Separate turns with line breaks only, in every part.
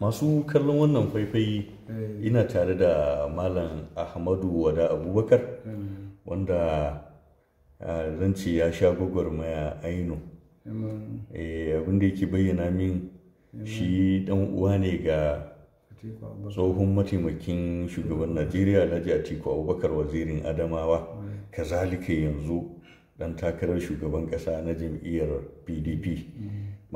masu kallon wannan faifai eh. ina tare da malam ahmadu wada abubakar hmm. wanda zance ya sha gwagwarmaya aino eh, abinda yake bayyana min shi dan uwa ne ga tsohon mataimakin shugaban hmm. najeriya alhaji atiku abubakar wazirin adamawa hmm. kazalika yanzu dan takarar shugaban kasa na jam'iyyar pdp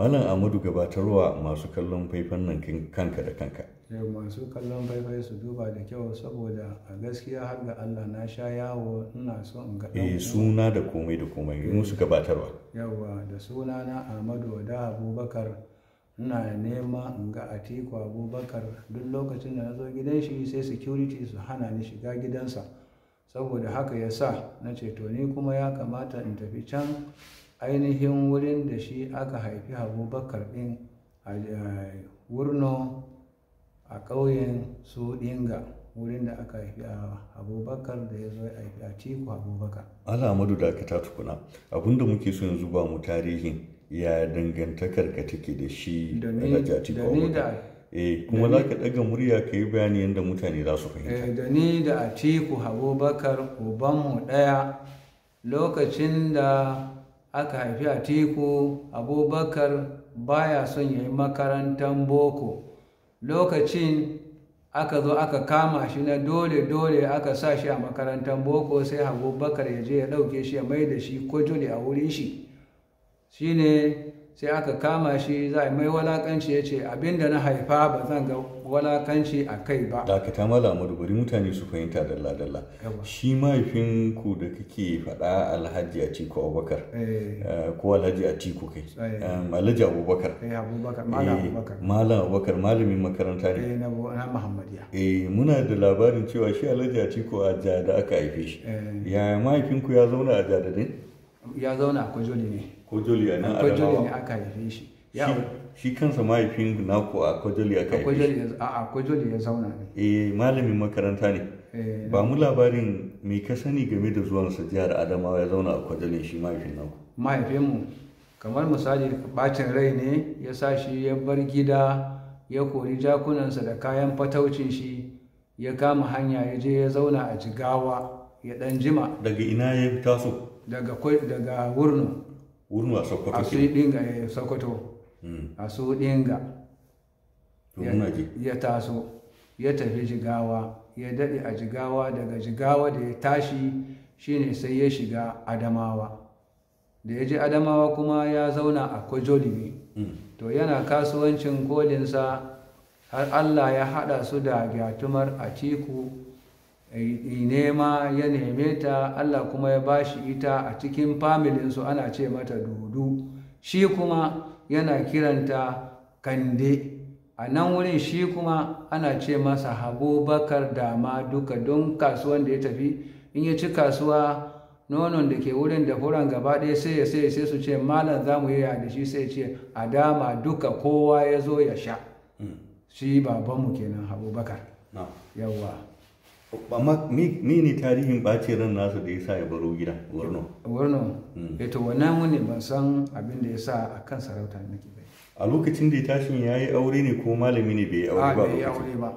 Malam Amadu gabatarwa masu kallon faifan nan kanka da kanka.
Eh, masu kallon faifai su duba da kyau saboda a gaskiya har ga Allah na sha yawo ina so in ga eh suna da
komai da komai in eh, musu gabatarwa
yawa da suna na Amadu da Abubakar ina nema in ga Atiku Abubakar duk lokacin da na zo gidan shi sai security su hana ni shiga gidansa saboda haka ya sa na ce to ni kuma ya kamata in tafi can ainihin wurin da shi aka haifi abubakar ɗin a wurno a ƙauyen su ɗinga wurin da aka haifi abubakar da ya zo ya haifi a tiku abubakar
alhamadu da aka tukuna abinda muke so yanzu ba mu tarihin ya dangantakar ka take da shi alhaji atiku abubakar eh kuma za ka ɗaga murya ka yi bayani yadda mutane za su fahimta eh, da
ni da atiku abubakar ubanmu ɗaya lokacin da aka haifi a atiku abubakar baya son ya yi makarantar boko lokacin aka zo aka kama shi na dole-dole aka sa shi a makarantar boko sai abubakar ya je ya ɗauke shi ya mai da shi kujuli a wurin shi shine sai aka kama shi za mai walakanci ya ce abinda na haifa ba zan ga walakanci a kai ba
dakata malamu da bari mutane su fahimta dalla dalla shi mahaifin ku da kake faɗa alhaji a ciko abubakar eh. Eh, ko alhaji a ciko kai eh. alhaji abubakar malam abubakar malamin makaranta ne
na muhammadiya
eh muna da labarin cewa shi alhaji a ciko a jada aka haife shi yaya mahaifinku ya zauna a jada ne ya zauna a kwajoli ne Kwajoli a nan Adamawa. ne
aka haife shi.
Shi kansa mahaifin naku a Kwajoli aka haife shi. A Kwajoli ya zauna ne. Eh malamin makaranta ne. Eh, ba mu labarin me ka sani game da zuwansa jihar Adamawa ya zauna a Kwajoli shi mahaifin naku.
Mahaifinmu kamar misali bacin rai ne ya sa shi ya bar gida ya kori jakunansa da kayan fataucin shi ya kama hanya ya je ya zauna a jigawa ya dan jima
daga ina ya taso
daga daga wurno wurin a sokoto a su dinga eh, sokoto hmm. a su dinga ya taso ya tafi jigawa ya daɗe a jigawa daga jigawa da ya tashi shine sai ya shiga adamawa da ya je adamawa kuma ya zauna a kwajolimi hmm. to yana kasuwancin kolinsa har allah ya haɗa su da gyatumar tiku nema ya neme ta Allah kuma ya ba shi ita a cikin familinsu ana ce mata dudu shi kuma yana kiranta kande a nan wurin shi kuma ana ce masa habubakar dama duka don kasuwan da ya tafi in ya ci kasuwa nonon da ke wurin da furan gaba ɗaya sai ya sai sai su ce malam za mu yaya da shi sai ce a dama duka kowa ya zo ya sha hmm. shi babanmu kenan habubakar
yawwa amma ne tarihin ɓacin ran nasu da ya sa ya baro gida warno warno ya hmm. eh to wannan
mu ne ban san abin da ya sa a kan sarauta
nake bai a lokacin da ya tashin ya yi aure ne ko malami ne bai aure ba bai aure ba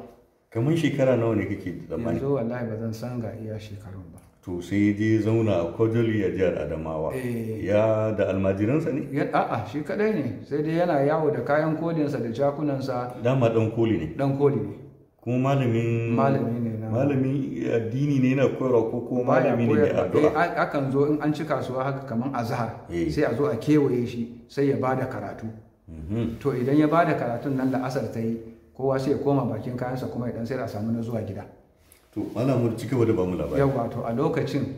kamar shekara nawa ne kake da mani
yanzu wallahi ba zan san ga iya shekarun ba
to sai je zauna a kwajoli a jihar adamawa eh. ya da almajiransa ne a'a shi kadai ne sai dai yana yawo da kayan kolinsa da jakunansa dama dan koli ne dan koli ne kuma malamin malami ne malamin addini ne na koyarwa ko ko malami ne addu'a
eh, akan zo in an ci kasuwa haka kamar azhar eh. sai a zo a kewaye shi sai ya bada karatu
mhm. to
idan ya bada karatun nan la'asar ta yi kowa sai ya koma bakin kayansa kuma idan sai a samu na zuwa gida
to malamu ci gaba da bamu labari yawa to a lokacin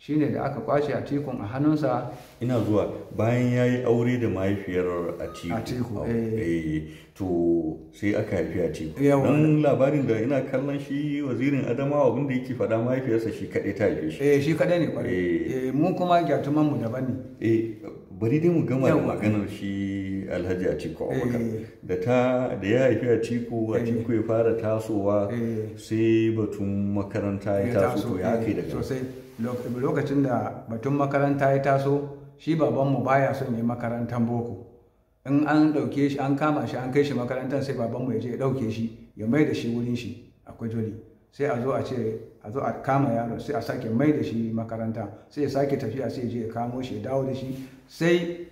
Shi ne da aka kwashe a tikun a hannunsa ina zuwa bayan ya yi aure da mahaifiyar a tiku eh. eh, to sai aka haifi a tiku don labarin da ina kallon shi wazirin adamawa da yake faɗa mahaifiyarsa shi kaɗai ta haife shi eh, shi kaɗai ne kwarai mu kuma gyatuman mu daban ne bari dai mu gama da maganar shi alhaji a tiku abubakar da ta da ya haifi a tiku a tiku ya fara tasowa sai batun makaranta ya taso to ya kai daga lokacin da batun
makaranta ya taso shi babanmu baya son yi makarantar boko in an dauke shi an kama shi an kai shi makarantar sai babanmu ya je ya dauke shi ya mai da shi wurin shi a kwajoli sai a zo a ce a zo a kama yaro sai a sake mai da shi makaranta sai ya sake tafiya sai ya je ya kamo shi ya dawo da shi sai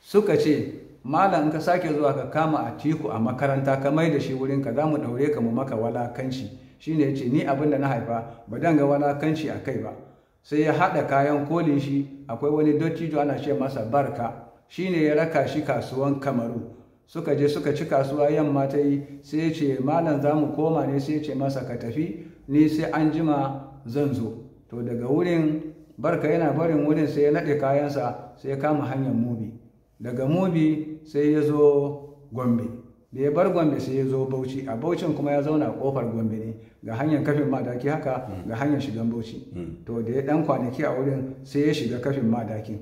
suka ce malam in ka sake zuwa ka kama a tiku a makaranta ka mai da shi wurin ka za mu daure ka mu maka walakanci shine ya ce ni abin da na haifa ba dan ga walakanci a kai ba sai ya haɗa kayan kolin shi akwai wani dottijo ana ce masa barka Shi ne ya raka shi kasuwan kamaru suka je suka ci kasuwa yamma ta yi sai ce malam za mu koma ne sai ce masa ka tafi ni sai an jima zan zo to daga wurin barka yana barin wurin sai ya naɗe kayansa sai ya kama hanyar mubi daga mubi sai ya zo gombe da ya bar gombe sai ya zo bauchi a baucin kuma ya zauna a kofar gombe ne ga hanyar kafin madaki haka mm. ga hanyar shigan bauchi mm. to da ya dan kwanaki a wurin sai ya shiga kafin madakin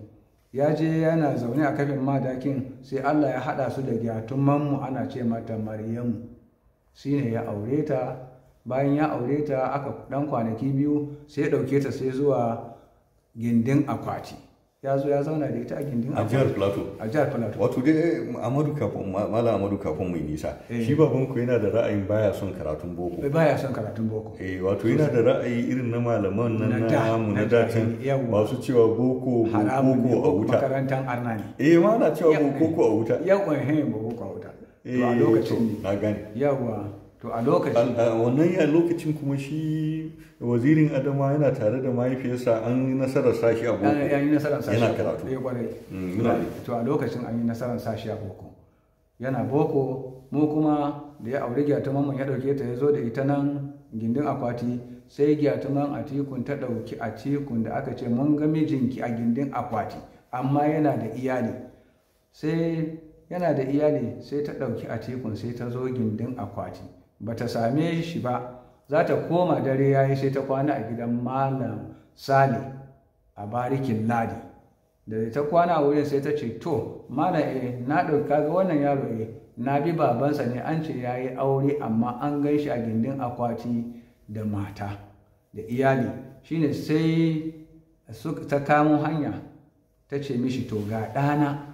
ya je yana zaune a kafin madakin sai allah ya haɗa su da giya tun mu ana ce mata maryamu shine ya aure ta bayan ya aure ta aka dan kwanaki biyu sai ya ɗauke ta sai zuwa gindin akwati ya zo ya zauna da ita a gindin a jihar
plateau a jihar plateau wato dai amadu kafin mala amadu kafin mai nisa eh. shi baban ku yana da ra'ayin baya son karatun boko eh, baya son karatun boko eh wato yana da ra'ayi irin na malaman nan na mu na dacin masu cewa boko boko a wuta makarantan arna ne eh ma na cewa boko a wuta yawa eh boko a wuta to a eh, lokacin na gane yawa to a lokacin wannan ya lokacin kuma shi wazirin adama yana tare da mahaifiyarsa an yi nasarar sashi a boko ya yi nasarar sashi yana karatu eh kwarai mm, to a lokacin an yi nasarar sashi a boko
yana boko mu kuma da ya aure gyatuman ya dauke ta ya zo da ita nan gindin akwati sai gyatuman a tikun ta dauki a tikun da aka ce mun ga mijinki a gindin akwati amma yana da iyali sai yana da iyali sai ta dauki a tikun sai ta zo gindin akwati ba ta same shi ba za ta koma dare ya yi sai ta kwana a gidan malam sale a barikin ladi da ta kwana a wurin sai ta ce to malam e na ɗauka ga wannan yaro e na bi babansa ne an ce ya yi aure amma an gan shi a gindin akwati da mata da iyali shine sai ta kamo hanya ta ce mishi to ga ɗana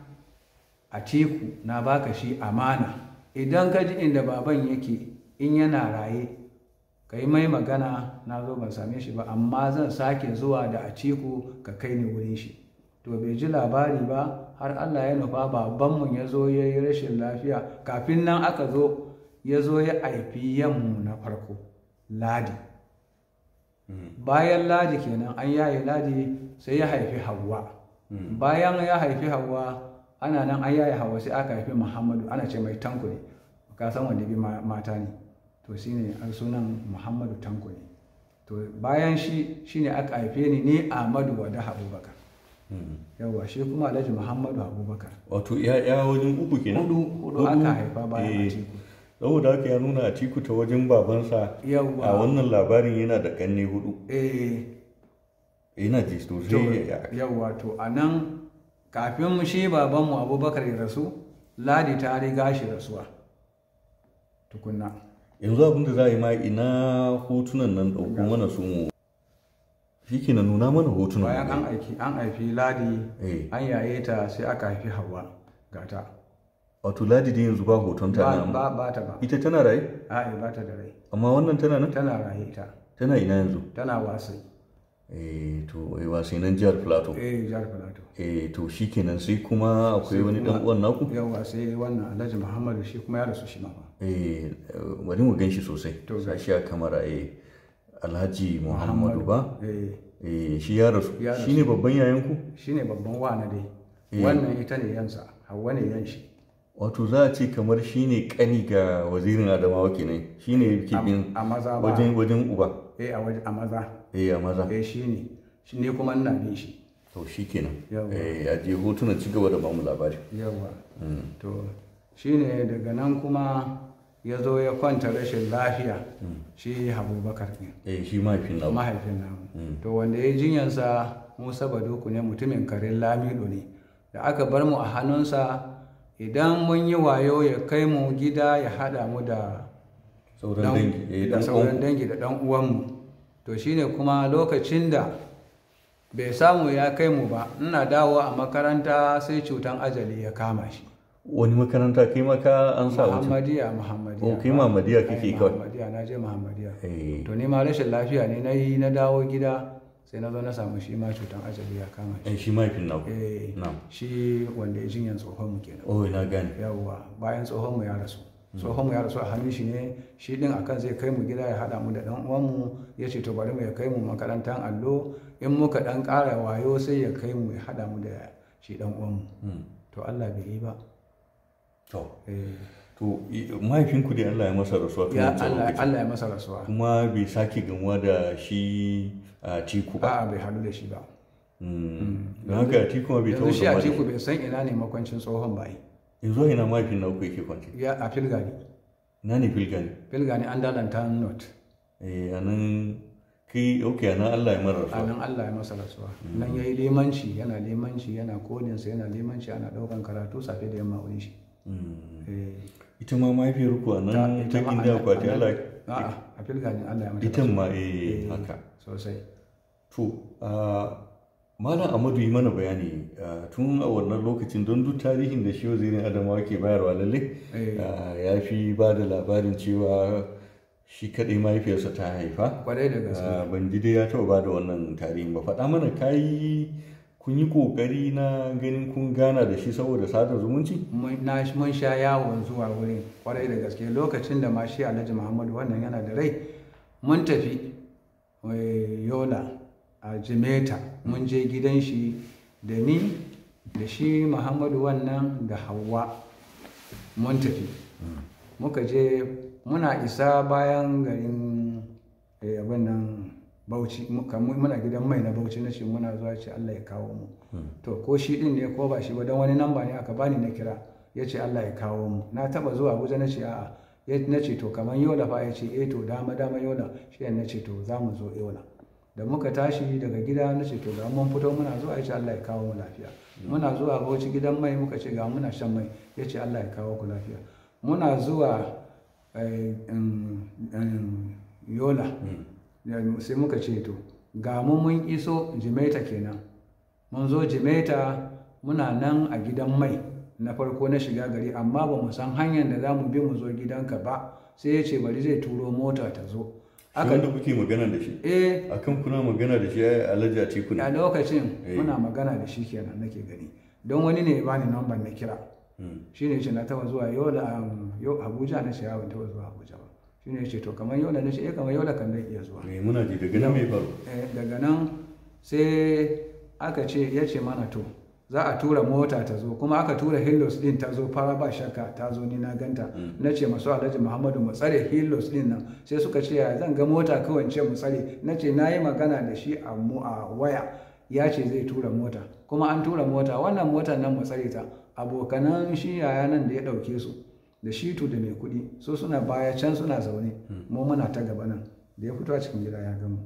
a teku na baka shi amana idan ka ji inda baban yake in yana raye ka yi mai magana na zo ban same shi ba amma zan sake zuwa da a ciku ka kai ni wurin shi to bai ji labari ba har allah ya nufa babanmu ya zo ya yi rashin lafiya kafin nan aka zo ya zo ya aifi yanmu na farko ladi hmm. bayan ladi kenan an yi ladi sai ya haifi hawa hmm. bayan ya haifi hawa ana nan an yi hawa sai aka haifi muhammadu ana ce mai tanku ne ka san wanda bi mata ne to ne an sunan muhammadu tanko ne to bayan shi shine aka haife ni ni da wada abubakar hmm. yawwa shi kuma alhaji muhammadu abubakar
wato ya wajen uku kenan hudu hudu aka haifa bayan eh. atiku saboda haka ya nuna atiku ta wajen babansa a wannan labarin yana da kanne hudu eh yana ji sosai
to a nan kafin shi babanmu abubakar ya rasu ladi ta riga shi rasuwa
tukunna yanzu abin da za a yi ma ina hotunan nan ɗauko mana su mu shi ke nuna mana hotunan bayan an aiki an haifi ladi eh.
an yaye ta sai aka haifi hawa gata
wato ladi dai yanzu ba hoton ta nan ba ba ta
ba ita tana raye a'a ba ta da rai amma wannan tana nan tana raye ta
tana ina yanzu
tana wasai
eh to eh, wasannin jihar plateau eh jihar plateau eh to shikenan sai kuma akwai wani dan uwan naku yawa sai wannan alhaji muhammadu shi kuma ya rasu shi ma eh bari mu ganshi sosai shi a kamera eh alhaji muhammadu ba eh. eh shi ya rasu shi ne babban yayan ku
shi ne babban wana dai eh. wannan ita ne yansa
hawa ne yan shi wato za a ce kamar shi ne kani ga wazirin adamawa kenan shi ne ke wajen wajen uba
eh a maza
eh a maza eh shi ne shi ne kuma ina bin shi to shi kenan eh a je hotunan ci gaba da bamu labari yawa mm. to
shine daga nan kuma ya zo ya kwanta rashin lafiya mm. shi abubakar ne
eh, shi mahaifin namu mahaifin namu mm.
to wanda ya jinyansa musa baduku ne mutumin karin lamido ne da aka bar mu a hannunsa idan mun yi wayo ya kai mu gida ya hada mu da
sauran eh,
dangi da dan uwanmu to shine kuma lokacin da bai samu ya kai mu ba ina dawo a makaranta sai cutan ajali ya kama shi
wani makaranta kai maka an sa wuce
muhammadiya muhammadiya oh, kai muhammadiya kike kawai
muhammadiya na je muhammadiya eh. to
ni ma rashin lafiya ne na yi na dawo gida sai na zo na samu shi ma cutan ajali ya
kama shi eh, shi mahaifin na eh, shi wanda ya jinyan tsohon mu kenan oh na gane yawwa bayan
tsohon mu ya rasu tsohon mu ya rasu a hannun shi ne shi din kan zai kai mu gida ya haɗa mu da ɗan uwanmu ya ce to bari mu ya kai mu makarantar allo in muka ɗan ƙara wayo sai ya kai mu ya haɗa mu da shi ɗan uwanmu hmm. to Allah bai yi ba
to eh. to mahaifinku da Allah ya masa rasuwa ya Allah ya masa rasuwa kuma bai sake gamuwa da shi a tiku ba a bai haɗu da shi ba hmm. Hmm. don haka tiku ma bai taɓa shi a tiku
bai san ina ne makwancin tsohon ba yi
yanzu na mafi na uku yake kwance
ya a filgani
na ne filgani
filgani an dalanta not
eh anan kai okay anan Allah ya mara rasuwa anan
Allah ya masa rasuwa mm. nan yayi limanci yana limanci yana kodin sa yana limanci ana daukan karatu safe da yamma wani shi
mm. eh. ita ma mahaifiyar ku anan ta kinda akwati Allah
a filgani Allah ya mata ita
ma eh haka eh, sosai to ah, Malam Amadu yi mana bayani tun a wannan lokacin don duk tarihin da shi wazirin Adamu ke bayarwa lalle eh. ya fi ba da labarin cewa shi kaɗai mahaifiyarsa ta haifa. Kwarai da gaske. Ban ji dai ya taɓa ba da wannan tarihin ba. Faɗa mana kayi kun yi ƙoƙari na ganin kun gana da shi saboda sadar zumunci?
Mun sha yawon zuwa wurin kwarai da gaske lokacin da ma shi Alhaji Muhammadu wannan yana da rai mun tafi eh, Yola a jimeta mun je gidan shi da ni da shi muhammadu wannan da hawa mun tafi muka je muna isa bayan garin eh, abin nan bauchi muna gidan mai na bauchi na shi muna zuwa ce allah ya kawo mu to ko shi din ne ko ba shi ba don wani namba ne aka bani na kira ya ce allah ya kawo mu na taba zuwa wuja na ce a'a na ce to kamar yola fa ya ce eh to dama dama yola shi na ce to za mu zo yola da muka tashi daga gida na ce to ga mun fito muna zuwa yace Allah ya kawo mu lafiya muna zuwa wani gidan mai muka ce ga muna shan mai yace Allah ya kawo ku lafiya muna zuwa eh, yola sai muka ce to ga mu mun iso jimaita kenan mun zo jimaita muna nan a gidan mai na farko na shiga gari amma ba mu san hanyar da za mu bi mu zo gidanka ba sai ya ce bari zai turo mota ta zo aka da
kuke magana da shi eh akan kuna magana da shi ya yi alhaji a lokacin eh. muna magana
da shi kenan nake gani don wani ne ya bani namban na kira hmm. shi ne ce na taba zuwa yau da yau abuja na shi yawon taba zuwa abuja ba shi ne ce to kamar yau da na shi eh kamar yau da kan zan iya
zuwa eh muna ji daga nan mai faru
eh, daga nan sai aka ce ya ce mana to za a tura mota ta zo kuma aka tura hillos din ta zo fara ba shakka ta zo ni na ganta mm. na ce masu alhaji muhammadu mu tsare hillos din nan sai suka ce ya zan ga mota kawai ce mu tsare na ce na yi magana da shi a waya ya ce zai tura mota kuma an tura mota wannan motan nan mu tsare ta abokanan shi yaya nan da ya ɗauke su da shitu da mai kuɗi su suna baya can suna zaune mm. mu muna ta gaba nan da ya fito a cikin gida ya gama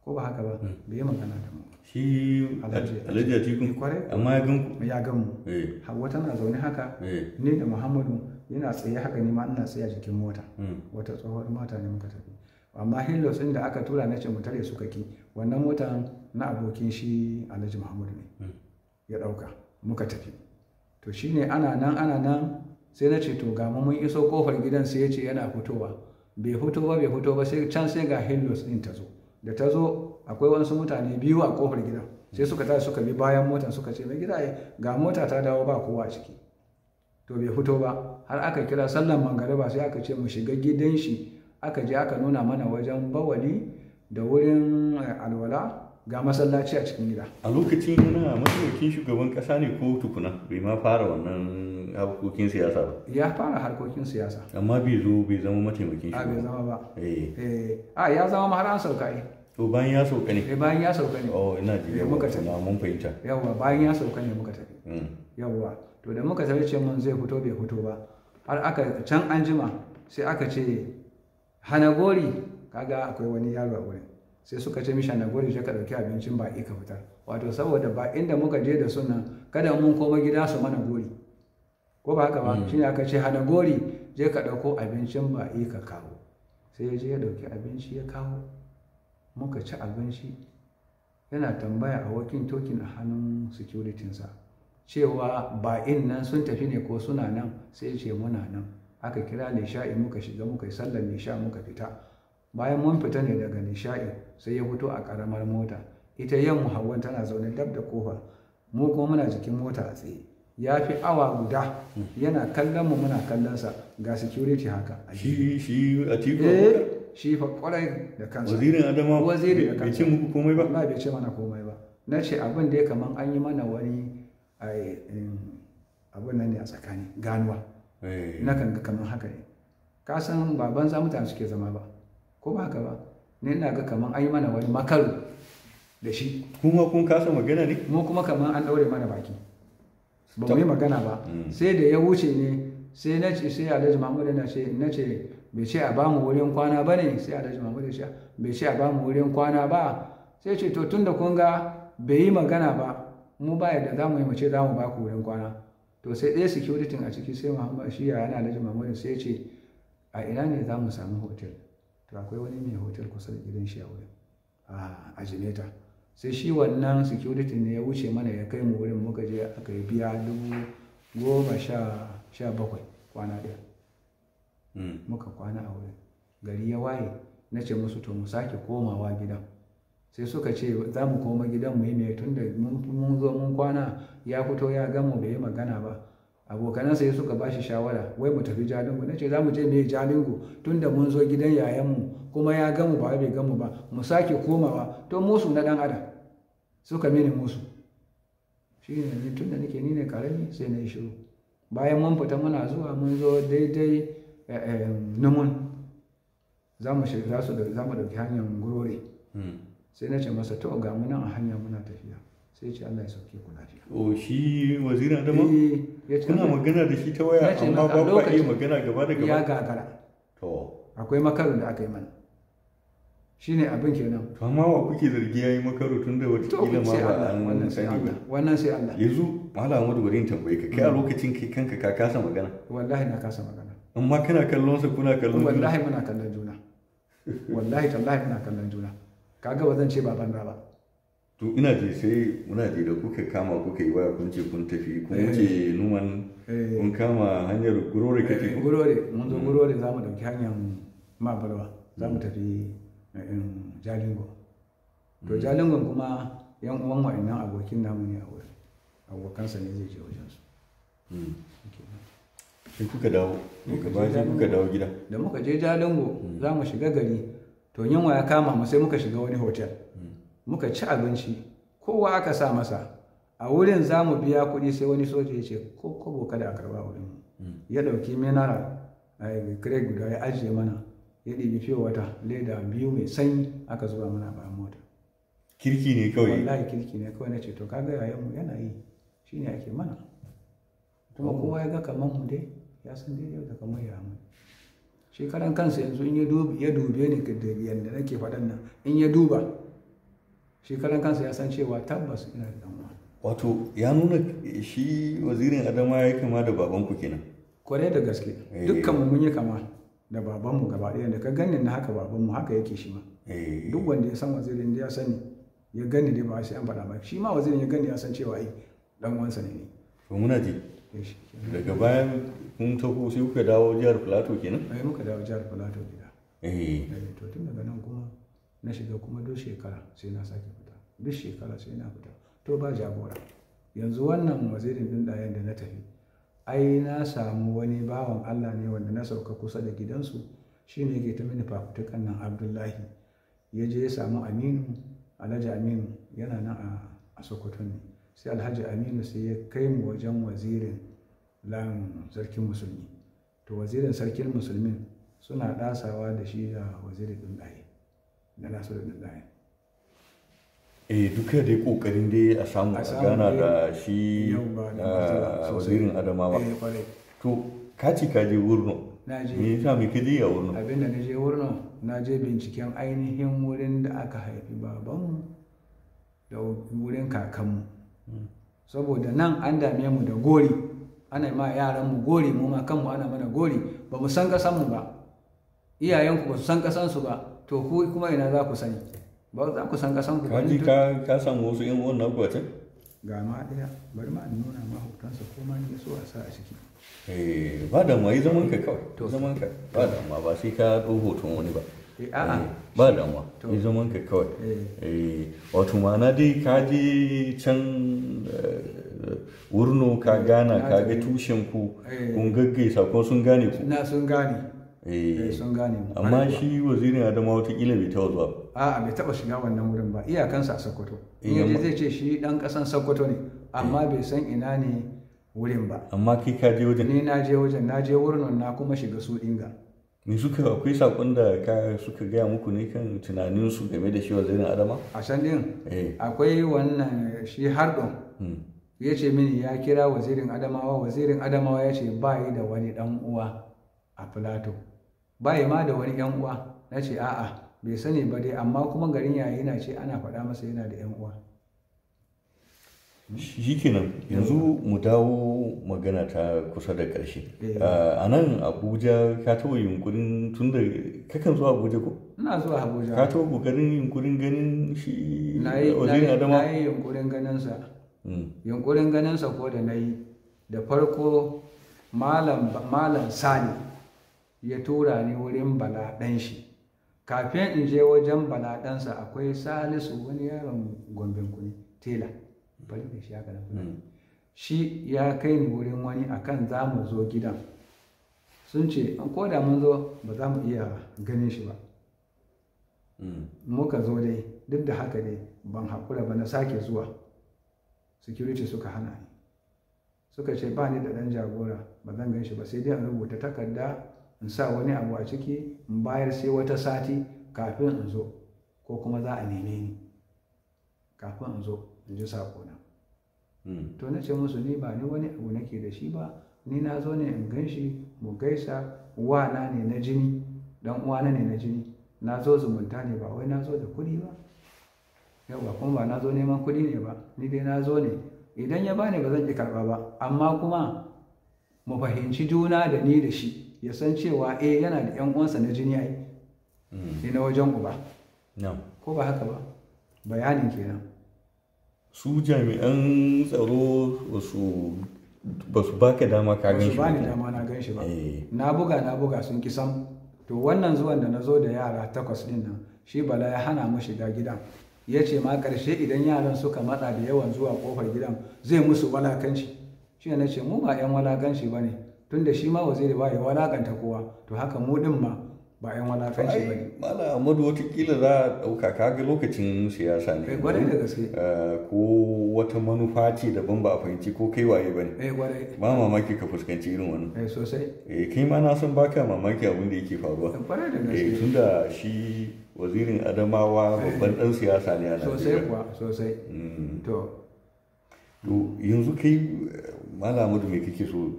ko ba haka ba mm. bai yi magana da mu shi alhaji a cikin eh, amma ya gan ku ya gan mu eh. hawa tana zaune haka eh. ni da muhammadu yana tsaye haka ni ma ina tsaye a jikin mota hmm. wata tsohuwar mata ne muka tafi amma hillos da aka tura na ce mu tare suka ki wannan mota na abokin shi alhaji muhammadu ne hmm. ya dauka muka tafi to shine ana nan ana nan sai na ce to ga mu mun iso kofar gidan sai ya ce yana fitowa bai fito ba bai fito ba sai can sai ga hillos din ta zo da ta zo akwai wasu mutane biyu a kofar gidan sai suka tashi suka bi bayan mota suka ce mai gida ga mota ta dawo ba kowa ciki to bai fito ba har aka kira sallan mangariba sai aka ce mu shiga gidan shi aka je aka nuna mana wajen bawali da wurin eh, alwala ga masallaci a cikin gida
a lokacin yana mataimakin shugaban kasa ne ko tukuna bai ma fara wannan harkokin siyasa ba ya
fara harkokin siyasa
amma bai zo bai zama mataimakin shugaba a bai zama ba eh.
Eh. a ya zama har an sauka
to bayan ya sauka ne eh, bayan ya sauka ne oh ina ji Yau muka tafi mun fahimta Yawwa bayan ya sauka ne muka tafi hmm.
yawwa to da muka tafi ce mun zai fito bai fito ba har aka can an jima sai aka ce hanagori kaga akwai wani yaro a wurin sai suka ce mishi hanagori je ka dauki abincin baƙi ka fitar wato saboda ba inda muka je da sunan kada mun koma gida su mana gori ko ba haka ba hmm. shine aka ce hanagori je ka dauko abincin baƙi ka kawo sai ya je ya dauki abinci ya kawo muka ci abinci yana tambaya a wakin tokin a hannun securitinsa cewa ba in nan sun tafi ne ko suna nan sai ce muna nan aka kira nisha'i muka shiga muka yi sallar nisha muka fita bayan mun fita ne daga nisha'i sai ya fito a karamar mota ita yan muhawar tana zaune dab da kofa mu kuma muna jikin mota a tsaye ya fi awa guda yana kallon mu muna kallonsa ga security haka shi shi a shi fa kwarai da kansa wazirin adama waziri da kansa bai ce muku komai ba wallahi bai ce mana komai ba na ce abin da ya kaman an yi mana wani abin nan ne a tsakani ganuwa eh. na kan ga kaman haka ne ka san ba banza mutane suke zama ba ko ba haka ba ne ina ga kaman an yi mana wani makaru da shi kuma kun kasa magana ne mu kuma kaman an daure mana baki
ba mu yi magana ba mm.
sai da ya wuce ne sai na ce sai alhaji ce na ce bai ce a bamu wurin kwana ba ne sai alhaji mahmud ya ce bai ce a bamu wurin kwana ba sai ce to tun da kun ga bai yi magana ba mu ba yadda za mu yi mace za mu ba ku wurin kwana to sai ɗaya security a ciki sai muhammad shi ya yana alhaji da sai ce a ina ne za mu sami hotel to akwai wani mai hotel kusa da gidan shi a wurin a jineta sai shi wannan security ne ya wuce mana ya kai mu wurin muka je aka yi biya dubu goma sha bakwai kwana ɗaya Mm. muka kwana a wurin gari ya waye na ce musu to mu sake komawa gidan sai suka ce za mu koma gidan mu yi mai tun da mun zo mun kwana ya fito ya gamu bai yi magana ba abokanansa sai suka ba shi shawara wai mu tafi jalingo na ce za mu je mai jalingo tun da mun zo gidan yayanmu kuma ya gamu ba bai gamu ba mu sake komawa to musu na dan adam suka mini musu shi ne tun da nake ni ne karami sai na yi shiru bayan mun fita muna zuwa mun zo daidai Eh, eh, numun za mu shiga su da za mu ɗauki hanyar gurori. Hmm. sai na ce masa to ga mu nan a hanya muna tafiya sai ce Allah ya sauke ku
lafiya o shi wazirin adama eh, kuna magana da shi ta waya amma ba ku yi
magana gaba da gaba ya gagara to akwai makaru da aka yi mana
shine abin kenan to amma wa kuke zargi yayi makaro tun da wata kila ma ba an wannan sai Allah wannan sai Allah yanzu malamu da bari in tambaye ka kai a hmm. lokacin kai kanka ka kasa magana wallahi na kasa
magana amma kana kallon sa kuna kallon juna wallahi muna kallon juna
wallahi tallahi muna
kallon juna kaga ba zan ce ba banza ba
to ina je sai muna je da kuka kama kuka yi waya kun ce kun tafi kun wuce eh. numan eh. kun kama hanyar gurore kake eh, gurore mun zo mm.
gurore za mu dauki hanyar mabarwa za mu mm. tafi jalingo to mm. jalingon kuma yan uwan wa'annan abokin namu ne a wurin abokansa ne zai je wajensu sai kuka dawo sai kuka dawo gida da muka je jalingo za mu shiga gari to yunwa ya kama mu sai muka shiga wani hotel muka ci abinci kowa aka sa masa a wurin za mu biya kuɗi sai wani soja ya ce ko kobo kada a karba wurin ya ɗauki menara a eh, craig guda ya ajiye mana ya ɗibi fiye wata leda biyu mai sanyi aka zuba mana bayan mota kirki ne kawai wallahi kirki ne kawai na ce to kaga yayan mu yana yi shine ake mana kuma kowa ya ga kaman mu dai ya san dai da kamar ya mai shi karan kansa yanzu in ya dube ni da yadda nake faɗan nan in ya duba shi karan kansa ya san cewa tabbas ina da damuwa
wato ya nuna shi wazirin adama ya kama da babanku kenan kwarai da gaske
eh. mu mun yi kama da babanmu gaba ɗaya da ka gani na haka babanmu haka yake shi ma eh. duk wanda ya san wazirin da ya sani ya gani dai ba shi an faɗa ba shi ma wazirin ya gani ya san cewa ai
dan wansa ne ne to muna ji daga bayan kun taho sai kuka dawo jihar plateau kenan ai eh, muka dawo jihar plateau gida eh. eh to tun daga nan kuma
na shiga kuma duk shekara sai na sake fita duk shekara sai na fita to ba jagora yanzu wannan wazirin din dayan da na tafi ai na samu wani bawan Allah ne wanda na sauka kusa da gidansu shine yake ta mini fafutukan nan Abdullahi ya je ya samu Aminu Alhaji Aminu yana nan a Sokoto ne sai Alhaji Aminu sai ya kai mu wajen wazirin lan sarkin musulmi to wazirin sarkin musulmin suna ɗasawa da shi da wazirin ɗundaye eh, da nasu da ɗundaye
eh duka dai kokarin dai a samu a gana da shi eh, wazirin adamawa eh, to kaci ka je wurno ne yasa mai kaje ya wurno abin
da je wurno na je binciken ainihin wurin da aka haifi babanmu da wurin
kakanmu hmm.
saboda nan an dame mu da gori ana ma yaran mu gori mu ma kanmu ana mana gori ba mu san kasanmu mu ba iyayenku ba su san kasansu ba to ku kuma ina za ku
sani ba za ku san kasanku ba ka ka san wasu yan uwan na gwata ga ma daya bari ma in nuna ma hutansa ko ma ni so a sa a ciki eh ba da mai zaman ka kawai to zaman ka ba da ma ba sai ka ɗau hoton wani ba eh, eh, ba ma yi zaman ka kawai eh. wato na dai ka je can Eh, wurno ka gana ka ga tushen ku eh. kun gaggaisa ko sun gane ku na sun gane eh. sun gane amma shi wazirin wata kila bai taba zuwa ba a'a bai taɓa shiga wannan wurin ba iyakansa a sokoto in zai
ce shi ɗan ƙasan sokoto ne amma bai san ina ne wurin ba amma kai ka je wajen ni na je wajen na je wurin na kuma shiga su inga
me suka akwai sakon da ka suka gaya muku ne kan tunaninsu game da shi wazirin adama a can din akwai
wannan shi har
don hmm.
ya ce mini ya kira wazirin adamawa wazirin adamawa ya ce ba da wani dan uwa a filato ba ma da wani yan uwa na ce a'a bai sani ba dai amma kuma garin yayi yana ce ana faɗa masa yana da yan uwa
shi kenan yanzu mu dawo magana ta kusa da ƙarshe eh. a nan abuja ka taɓa yunkurin tun da kakan zuwa abuja ko ina zuwa abuja ka taɓa yunkurin ganin shi wazirin na yi yunkurin ganin sa
yunkurin ganin sa ko da na yi da farko malam sani ya tura ni wurin bala shi kafin in je wajen bala ɗansa akwai salisu wani yaron gombin kuni tela bari da shi haka na shi ya kai ni wurin wani akan za mu zo gidan sun ce an koda mun zo ba za mu iya ganin shi ba mm. muka zo dai duk da haka dai ban haƙura ba na sake zuwa security suka hana ni suka ce ba ni da ɗan jagora ba zan gan shi ba sai dai in rubuta takarda in sa wani abu a ciki in bayar sai wata sati kafin in zo ko kuma za a neme ni kafin in zo in ji sako na. Hmm. to na ce musu ni ba ni wani abu nake da shi ba ni na zo ne in gan shi mu gaisa wana ne na jini dan uwana ne na jini na zo zumunta ne ba wai na zo da kuɗi ba yauwa kuma ba na zo neman kuɗi ne ba ni dai na zo ne idan ya bani ba zan ki karɓa ba amma kuma mu fahimci juna da ni da shi ya san cewa eh yana da yan uwansa na jini ai hmm. ni na wajen ku ba ko ba haka ba bayanin
kenan su jami'an tsaro wasu ba su ba ka dama ka gan shi ba ni dama
na gan shi ba eh. na buga na buga sun ki sam to wannan zuwan da na zo da yara takwas din nan shi bala ya hana mu shiga gidan ya ce ma ƙarshe idan yaran suka matsa da yawan zuwa ƙofar gidan zai musu walakanci shi na ce mu ba 'yan walakanci ba ne tun da shi ma zai ba ya walakanta kowa to haka mu ɗin ma ba 'yan walakanci ba ne.
mala amadu watakila za a ɗauka kaga lokacin siyasa ne gwarai eh, da gaske eh, ko wata manufa ce daban ba a fahimci ko kai waye ba ne eh, ba mamaki ka fuskanci irin wani sosai kai ma na san baka mamaki abin da yake faruwa gwarai da gaske tunda shi wazirin adamawa babban dan siyasa ne a sosai kuwa sosai mm. to to yanzu kai malamu da me kake so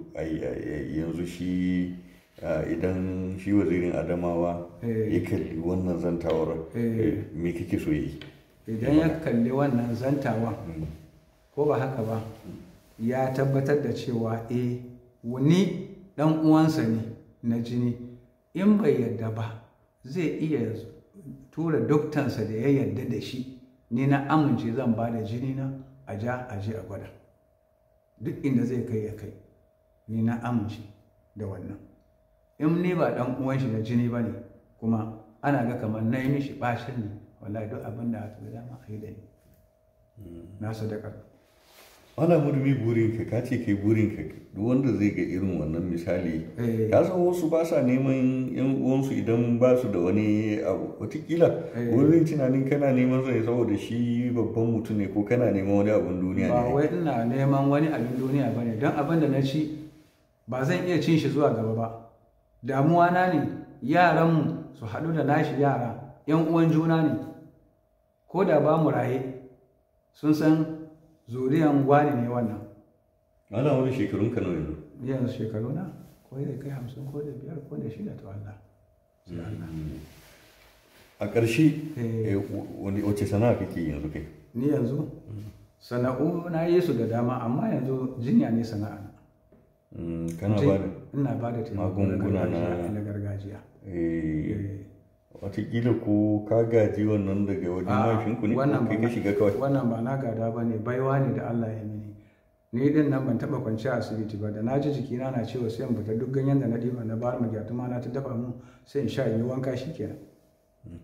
yanzu shi idan shi wazirin adamawa eh. ya kalli wannan zantawar eh. Eh, me kake so yi idan ya
kalli wannan zantawa mm. ko ba haka ba ya tabbatar da cewa eh wani dan uwansa ne na jini in bai yarda ba zai iya yanzu. tura doktansa da ya yarda da shi ni na amince zan ba da jini na a ja a je a gwada duk inda zai kai ya kai ni na amince da wannan in ni ba dan uwan shi na jini ba ne kuma ana ga kamar na yi mishi bashin ne wallahi duk abin da aka dama a yi da ni na sadakar
ana murmi burinka ka ce kai burinka duk wanda zai ga irin wannan misali eh. ka san wasu ba sa neman yan uwansu idan ba su da wani abu watakila eh. wurin tunanin kana neman zai saboda shi babban mutum ne ko kana neman wani abin duniya ne
ba ina neman wani abin duniya ba ne don abin da na ci ba zan iya cin shi zuwa gaba ba damuwa na ne yaran mu su haɗu da nashi yara yan uwan juna ne ko da ba mu raye sun san zuriyan gwani ne
wannan ana wani shekarun ka yanzu yanzu shekaru na
ko da kai hamsin ko da biyar ko da shida ta wannan
a ƙarshe eh. Eh, wace sana'a kake yanzu kai ni yanzu sana'u na yi su da dama
amma yanzu jinya ne sana'a
mm, kana ba da ina ba da magunguna na gargajiya eh. watakila ko ka gaji wannan daga wajen ku ne ko kai ka shiga kawai
wannan ba na gada ba ne baiwa ne da Allah ya mini ni din nan ban taba kwanciya asibiti ba da naji jikina na cewa sai in fita duk ganyen da na diba na bar tuma na ta dafa mu sai in sha yi wanka shikenan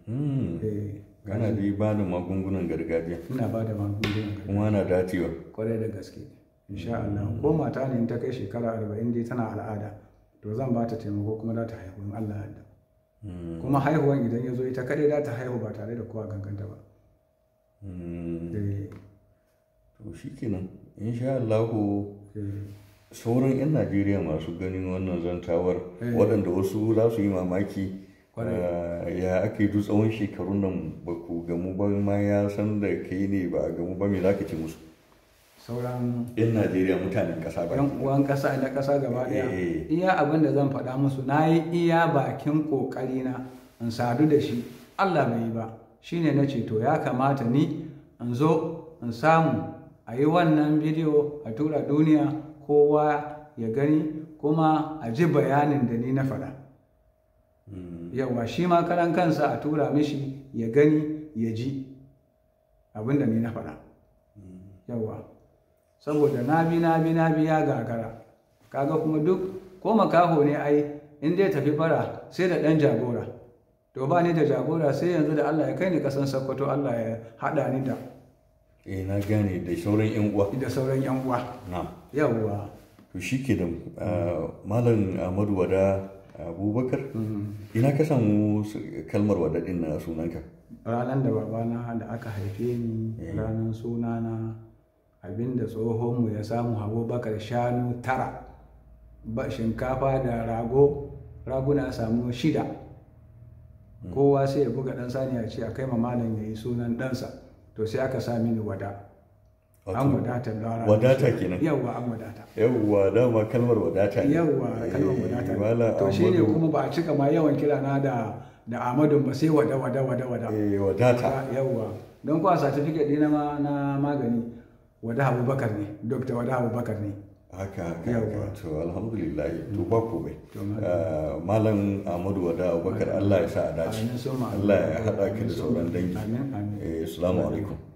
mm-hmm. eh, kana bi ba da magungunan gargajiya ina ba da magungunan gargajiya kuma na dacewa kwarai da gaske
insha mm. Allah ko mata ne in ta kai shekara 40 dai tana al'ada to zan ba ta taimako kuma za ta haihu in Allah ya
kuma haihuwan
idan ya zo ita kadai za ta haihu ba tare da kowa kankanta ba
hmm. eh. to shi kenan insha eh. sauran 'yan najeriya masu ganin wannan zantawar eh. waɗanda wasu za su yi mamaki ya ake du tsawon shekarun nan ba ku gamu ba ma ya san da kai ne ba gamu ba me za ka ce musu
sauran yan najeriya
mutanen kasa ba yan
uwan kasa da kasa gaba daya eh. iya abin da zan faɗa musu na yi iya bakin kokari na
in sadu da shi
allah bai yi ba shine na ce to ya kamata ni in zo in samu a yi wannan bidiyo a tura duniya kowa ya gani kuma a ji bayanin da ni na faɗa hmm. yawa shi ma karan kansa a tura mishi ya gani ya ji abin ni na faɗa hmm. yawa saboda na bi na bi na bi ya gagara kaga kuma duk ko makaho ne ai in dai tafi bara sai da ɗan jagora to ba ni da jagora sai yanzu da Allah ya kai ni kasan Sokoto Allah ya haɗa ni da
eh na gane da sauran yan uwa da sauran yan uwa na yawa to da malam Ahmadu Wada Abubakar mm-hmm. ina ka samu kalmar wada din na sunanka ranan
da babana da aka haife ni eh. ranar sunana abinda tsohonmu ya samu bakar shanu tara ba shinkafa da rago raguna samu shida hmm. kowa sai ya buga ɗan saniya ce a kai malam ya yi sunan ɗansa to sai aka sami ni wada an wadata lara wadata kenan yawwa an
wadata yawwa dama kalmar wadata ne yawwa eh, kalmar wadata ne. to
shine kuma ba a cika ma yawan kira na da da amadu ba sai wada wada wada wada eh wadata yawwa don kuwa certificate dina ma na magani wada bakar ne dokta wada bakar ne
haka haka wato alhamdulillah to ba bai ah, malam amadu wada bakar allah ya sa a dace allah ya haɗa ka da sauran dangi eh, assalamu alaikum